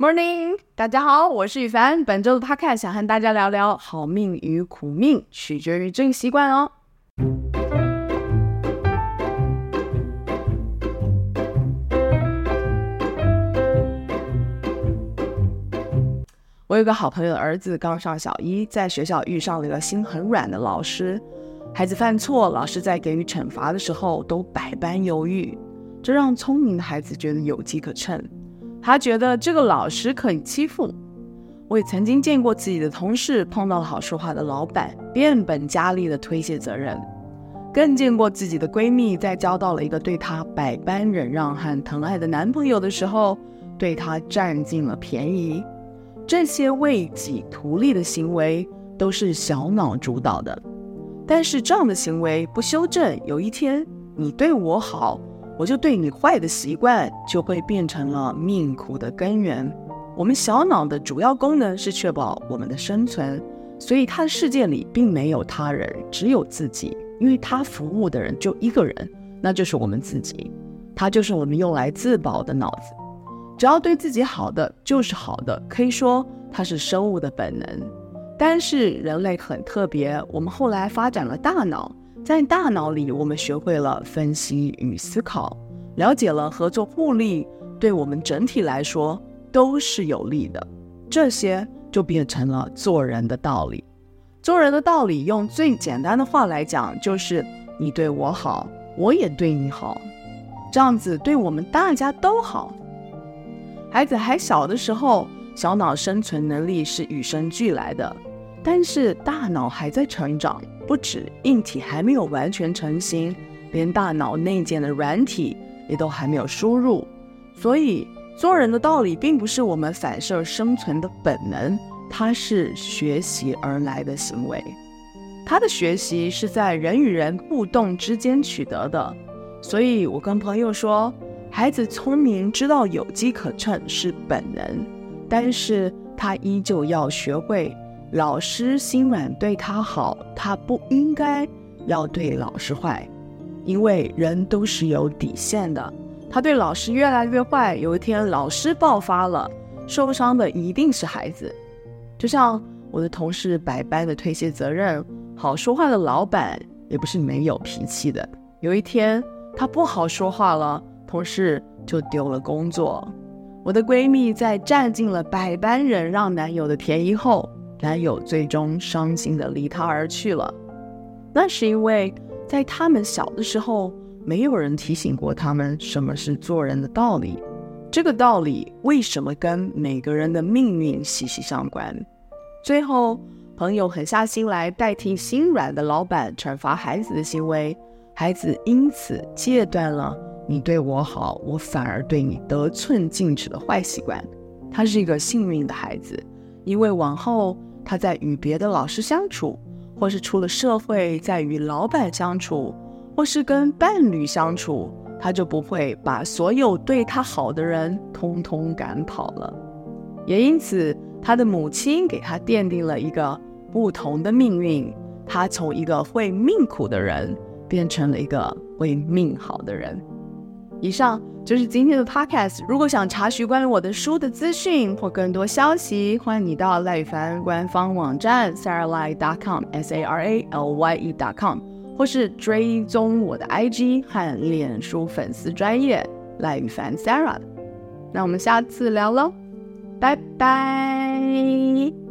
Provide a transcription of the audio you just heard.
Morning，大家好，我是宇凡。本周的 Podcast 想和大家聊聊，好命與苦命取決於這個習慣哦。我有個好朋友的兒子剛上小一，在學校遇上了一個心很軟的老師。孩子犯錯，老師在給予懲罰的時候都百般猶豫，這讓聰明的孩子覺得有機可乘。他覺得這個老師可以欺負。我也曾經見過自己的同事碰到了好說話的老闆，變本加厲的推卸責任；更見過自己的閨蜜在交到了一個對她百般忍讓和疼愛的男朋友的時候，對她占盡了便宜。這些為己圖利的行為都是小腦主導的。但是這樣的行為不修正，有一天你對我好。我就對你壞的習慣，就會變成了命苦的根源。我們小腦的主要功能是確保我們的生存，所以他的世界裡並沒有他人，只有自己，因為他服務的人就一個人，那就是我們自己。他就是我們用來自保的腦子，只要對自己好的就是好的，可以說它是生物的本能。但是人類很特別，我們後來發展了大腦。在大腦裡，我們學會了分析與思考，了解了合作互利，對我們整體來說都是有利的。這些就變成了做人的道理。做人的道理，用最簡單的話來講，就是你對我好，我也對你好，這樣子對我們大家都好。孩子還小的時候，小腦生存能力是與生俱來的，但是大腦還在成長。不止硬體還沒有完全成型，連大腦內建的軟體也都還沒有輸入。所以做人的道理並不是我們反射生存的本能，它是學習而來的行為。它的學習是在人與人互動之間取得的。所以我跟朋友說，孩子聰明，知道有機可乘是本能，但是他依舊要學會。老師心軟對他好，他不應該要對老師壞，因為人都是有底線的。他對老師越來越壞，有一天老師爆發了，受傷的一定是孩子。就像我的同事百般的推卸責任，好說話的老闆也不是沒有脾氣的。有一天他不好說話了，同事就丟了工作。我的閨蜜在佔盡了百般忍讓男友的便宜後，男友最終傷心地離她而去了。那是因為在他們小的時候，沒有人提醒過他們什麼是做人的道理。這個道理為什麼跟每個人的命運息息相關？最後，朋友狠下心來代替心軟的老板懲罰孩子的行為，孩子因此戒斷了“你對我好，我反而對你得寸進尺”的壞習慣。他是一個幸運的孩子。因為往後，他在與別的老師相處，或是出了社會在與老闆相處，或是跟伴侶相處，他就不會把所有對他好的人通通趕跑了。也因此，他的母親給他奠定了一個不同的命運。他從一個會命苦的人，變成了一個會命好的人。以上。就是今天的 podcast。如果想查詢關於我的書的資訊或更多消息，歡迎你到賴宇凡官方網站 saralye.com, s a r a l y e dot com，或是追蹤我的 IG 和臉書粉絲專頁。賴宇凡 Sara。那我們下次聊嘍，拜拜。